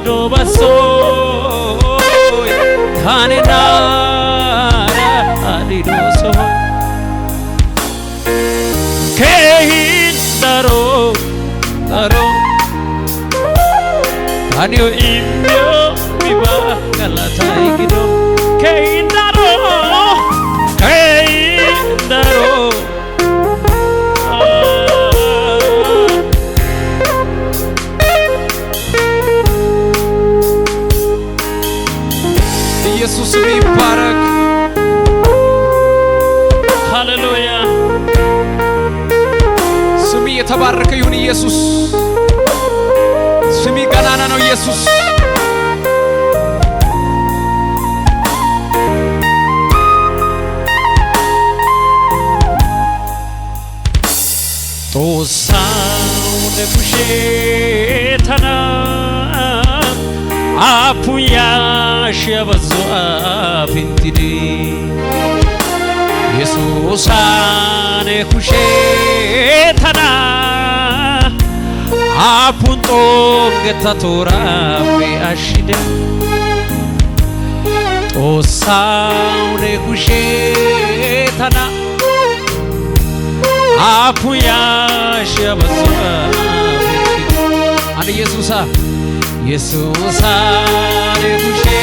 들어봤소 가네 나라리로서 개인 따로 따로 다녀 임명비와 갈라타이게 የተባረከ ይሁን ኢየሱስ። ስሚ ገናና ነው ኢየሱስ። ጦሳው ንጉሼ ተናም አፑያሽ የበዙ አፊንቲዲ የሱሳኔ ኩሼ apunto Appuntoo gata ashide o saune kushe tana apunya yaashee ani yesusa yesusa lee kushe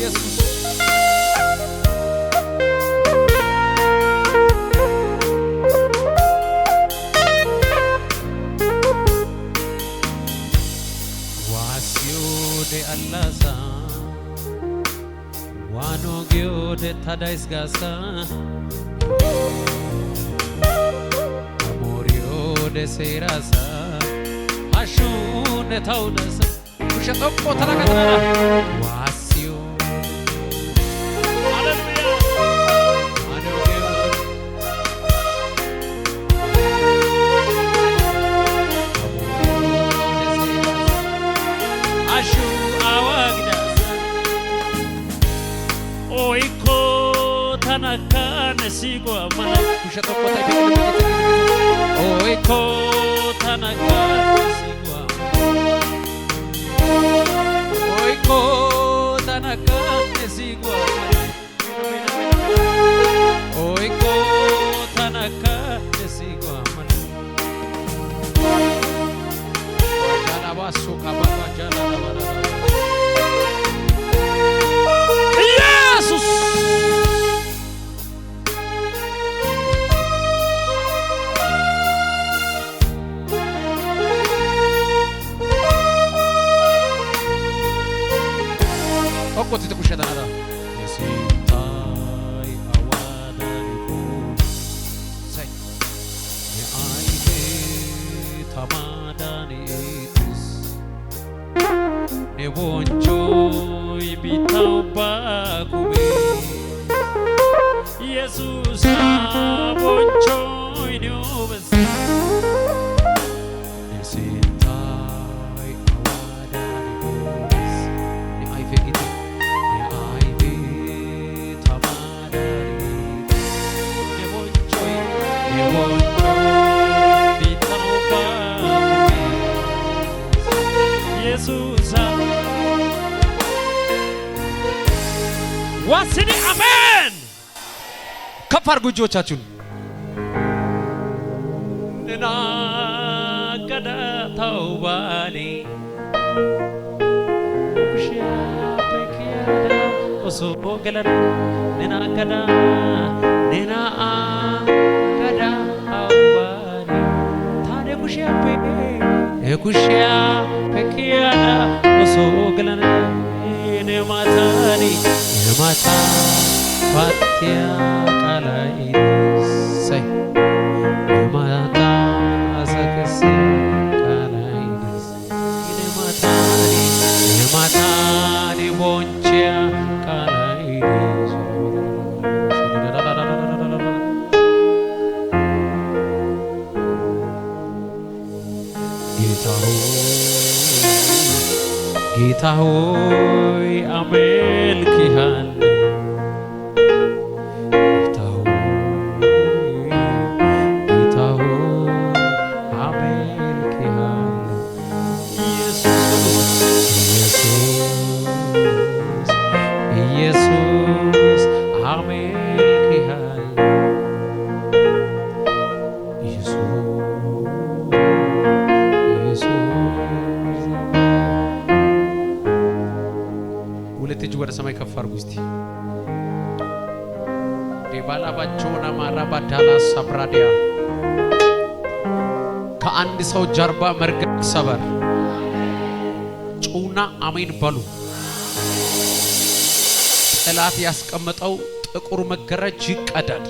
ኢየሱስ ዋሲዮዴ አላሳ ዋኖ ጊዮዴ ታዳይስ ጋሳ አሞሪዮዴ ሴራሳ አሹኔ ታውደሰ ውሸጠቆ Oiko tanaka nesigua mana contente tá com nada. Jesus, I want to join you. Jesus. Wasini, amen. Kapar bujo cacun. Nena kada tau bali. Oso gelar nena kada nena kada tau bali. Tade gushia ንጉሽያ ፈኪያና ወሶግለነ የማታኒ የማታ ፋትያ ቃላይ ሰይ na rua. ወደ ሰማይ ከፍ አድርጉ እስቲ። ዴባላባቸውን አማራ ባዳላ ሳብራዲያ ከአንድ ሰው ጀርባ መርገም ሰበር ጩና አሜን በሉ። ጠላት ያስቀመጠው ጥቁር መገረጅ ይቀዳል።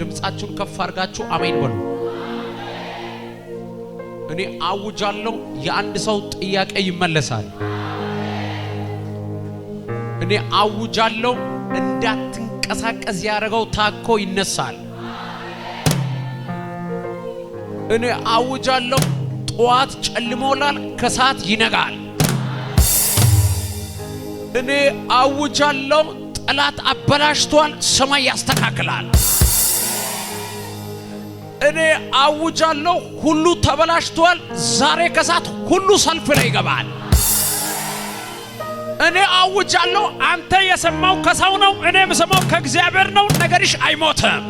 ድምፃችሁን ከፍ አድርጋችሁ አሜን በሉ። እኔ አውጃለሁ፣ የአንድ ሰው ጥያቄ ይመለሳል። እኔ አውጃለሁ፣ እንዳትንቀሳቀስ ያደረገው ታኮ ይነሳል። እኔ አውጃለሁ፣ ጠዋት ጨልሞላል፣ ከሰዓት ይነጋል። እኔ አውጃለሁ፣ ጠላት አበላሽቷል፣ ሰማይ ያስተካክላል። እኔ አውጃለሁ፣ ሁሉ ተበላሽቷል። ዛሬ ከሰዓት ሁሉ ሰልፍ ላይ ይገባል። እኔ አውጃለሁ። አንተ የሰማው ከሰው ነው፣ እኔ የምሰማው ከእግዚአብሔር ነው። ነገርሽ አይሞትም።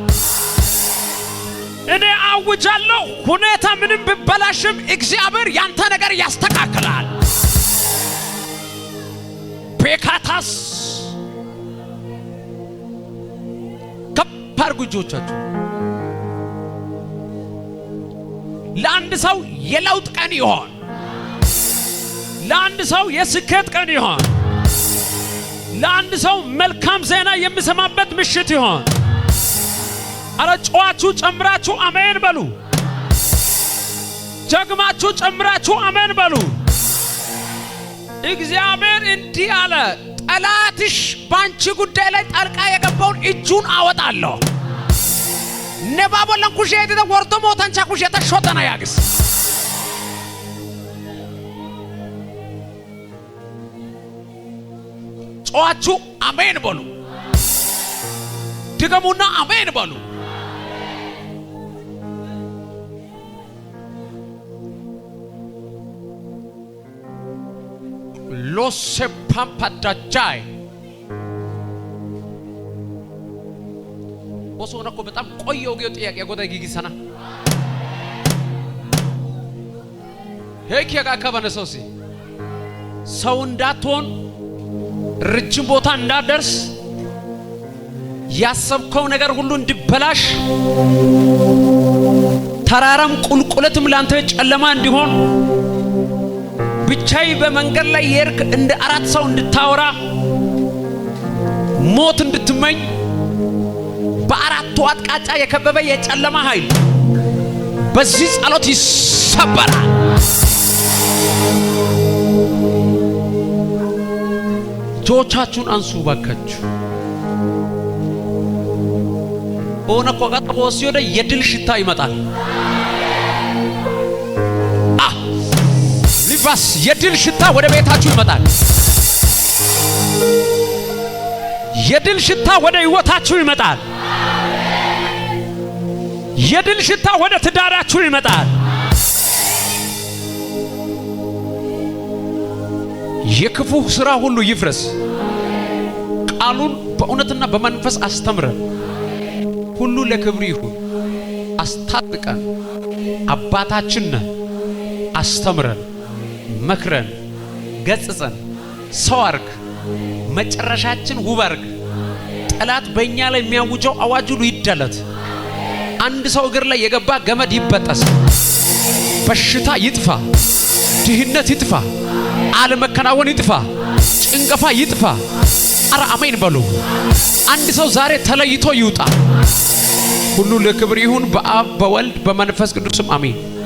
እኔ አውጃለሁ። ሁኔታ ምንም ብበላሽም እግዚአብሔር ያንተ ነገር ያስተካክላል። ፔካታስ ከባድ አድርጉ ለአንድ ሰው የለውጥ ቀን ይሆን። ለአንድ ሰው የስኬት ቀን ይሆን። ለአንድ ሰው መልካም ዜና የምሰማበት ምሽት ይሆን። አረ ጨዋችሁ ጨምራችሁ አሜን በሉ። ጀግማችሁ ጨምራችሁ አሜን በሉ። እግዚአብሔር እንዲህ አለ፣ ጠላትሽ ባንቺ ጉዳይ ላይ ጣልቃ የገባውን እጁን አወጣለሁ። nebabolan kusheetita wordomootancha kusheeta shotana yaagis ጮዋችሁ አሜን በሉ። ድገሙና አሜን በሉ። da ፓምፓዳጃይ ሆነ እኮ በጣም ቆየው ጌው ጥያቄ ጎዳ ጊጊሰና ሄክ ያካከበነ ሰው ሲ ሰው እንዳትሆን ረጅም ቦታ እንዳደርስ ያሰብከው ነገር ሁሉ እንዲበላሽ ተራራም ቁልቁለትም ላንተ ጨለማ እንዲሆን ብቻይ በመንገድ ላይ የርክ እንደ አራት ሰው እንድታወራ ሞት እንድትመኝ በአራቱ አቅጣጫ የከበበ የጨለማ ኃይል በዚህ ጸሎት ይሰበራል። እጆቻችሁን አንሱ ባካችሁ። በሆነ ቆቀጥ በወሲ ወደ የድል ሽታ ይመጣል። ሊባስ የድል ሽታ ወደ ቤታችሁ ይመጣል። የድል ሽታ ወደ ሕይወታችሁ ይመጣል። የድል ሽታ ወደ ትዳራችሁ ይመጣል። የክፉ ስራ ሁሉ ይፍረስ። ቃሉን በእውነትና በመንፈስ አስተምረን፣ ሁሉ ለክብር ይሁን። አስታጥቀን፣ አባታችን አስተምረን፣ መክረን፣ ገጽጸን፣ ሰው አርግ፣ መጨረሻችን ውብ አርግ። ጠላት በእኛ ላይ የሚያውጀው አዋጅ ሁሉ ይዳለት። አንድ ሰው እግር ላይ የገባ ገመድ ይበጠስ፣ በሽታ ይጥፋ፣ ድህነት ይጥፋ፣ አለመከናወን ይጥፋ፣ ጭንቀፋ ይጥፋ። አረ አሜን በሉ። አንድ ሰው ዛሬ ተለይቶ ይውጣ። ሁሉ ለክብር ይሁን በአብ በወልድ በመንፈስ ቅዱስም አሜን።